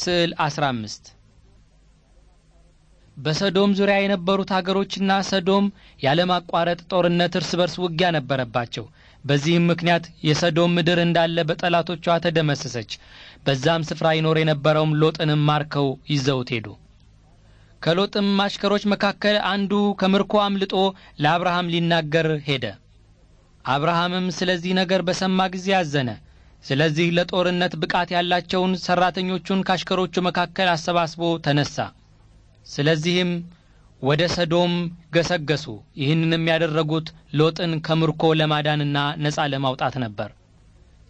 ስዕል 15 በሰዶም ዙሪያ የነበሩት አገሮችና ሰዶም ያለማቋረጥ ጦርነት እርስ በርስ ውጊያ ነበረባቸው። በዚህም ምክንያት የሰዶም ምድር እንዳለ በጠላቶቿ ተደመሰሰች። በዛም ስፍራ ይኖር የነበረውም ሎጥንም ማርከው ይዘውት ሄዱ። ከሎጥም አሽከሮች መካከል አንዱ ከምርኮ አምልጦ ለአብርሃም ሊናገር ሄደ። አብርሃምም ስለዚህ ነገር በሰማ ጊዜ አዘነ። ስለዚህ ለጦርነት ብቃት ያላቸውን ሠራተኞቹን ካሽከሮቹ መካከል አሰባስቦ ተነሳ ስለዚህም ወደ ሰዶም ገሰገሱ። ይህንንም ያደረጉት ሎጥን ከምርኮ ለማዳንና ነፃ ለማውጣት ነበር።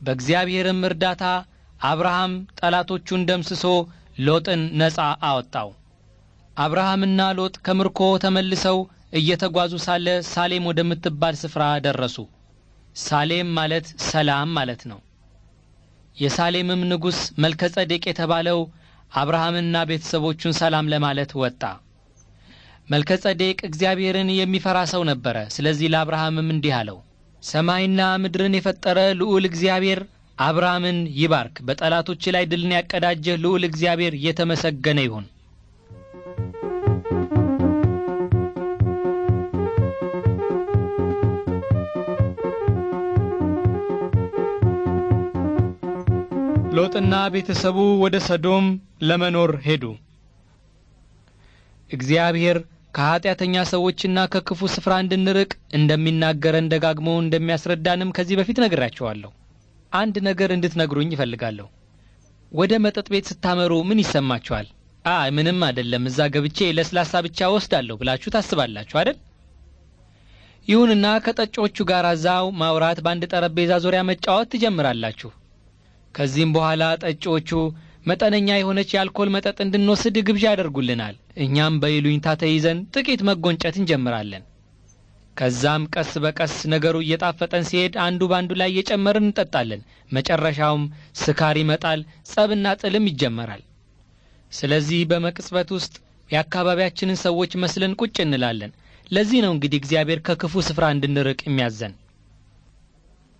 በእግዚአብሔርም እርዳታ አብርሃም ጠላቶቹን ደምስሶ ሎጥን ነፃ አወጣው። አብርሃምና ሎጥ ከምርኮ ተመልሰው እየተጓዙ ሳለ ሳሌም ወደምትባል ስፍራ ደረሱ። ሳሌም ማለት ሰላም ማለት ነው። የሳሌምም ንጉሥ ጸዴቅ የተባለው አብርሃምና ቤተሰቦቹን ሰላም ለማለት ወጣ። መልከ ጸዴቅ እግዚአብሔርን የሚፈራ ሰው ነበረ። ስለዚህ ለአብርሃምም እንዲህ አለው፣ ሰማይና ምድርን የፈጠረ ልዑል እግዚአብሔር አብርሃምን ይባርክ። በጠላቶች ላይ ድልን ያቀዳጀህ ልዑል እግዚአብሔር የተመሰገነ ይሁን። ሎጥና ቤተሰቡ ወደ ሰዶም ለመኖር ሄዱ። እግዚአብሔር ከኀጢአተኛ ሰዎችና ከክፉ ስፍራ እንድንርቅ እንደሚናገረን ደጋግሞ እንደሚያስረዳንም ከዚህ በፊት ነግራችኋለሁ። አንድ ነገር እንድትነግሩኝ ይፈልጋለሁ። ወደ መጠጥ ቤት ስታመሩ ምን ይሰማችኋል? አ ምንም አይደለም፣ እዛ ገብቼ ለስላሳ ብቻ ወስዳለሁ ብላችሁ ታስባላችሁ አይደል? ይሁንና ከጠጮቹ ጋር እዛው ማውራት፣ በአንድ ጠረጴዛ ዙሪያ መጫወት ትጀምራላችሁ። ከዚህም በኋላ ጠጪዎቹ መጠነኛ የሆነች የአልኮል መጠጥ እንድንወስድ ግብዣ ያደርጉልናል። እኛም በይሉኝታ ተይዘን ጥቂት መጎንጨት እንጀምራለን። ከዛም ቀስ በቀስ ነገሩ እየጣፈጠን ሲሄድ አንዱ በአንዱ ላይ እየጨመርን እንጠጣለን። መጨረሻውም ስካር ይመጣል፣ ጸብና ጥልም ይጀመራል። ስለዚህ በመቅጽበት ውስጥ የአካባቢያችንን ሰዎች መስለን ቁጭ እንላለን። ለዚህ ነው እንግዲህ እግዚአብሔር ከክፉ ስፍራ እንድንርቅ የሚያዘን።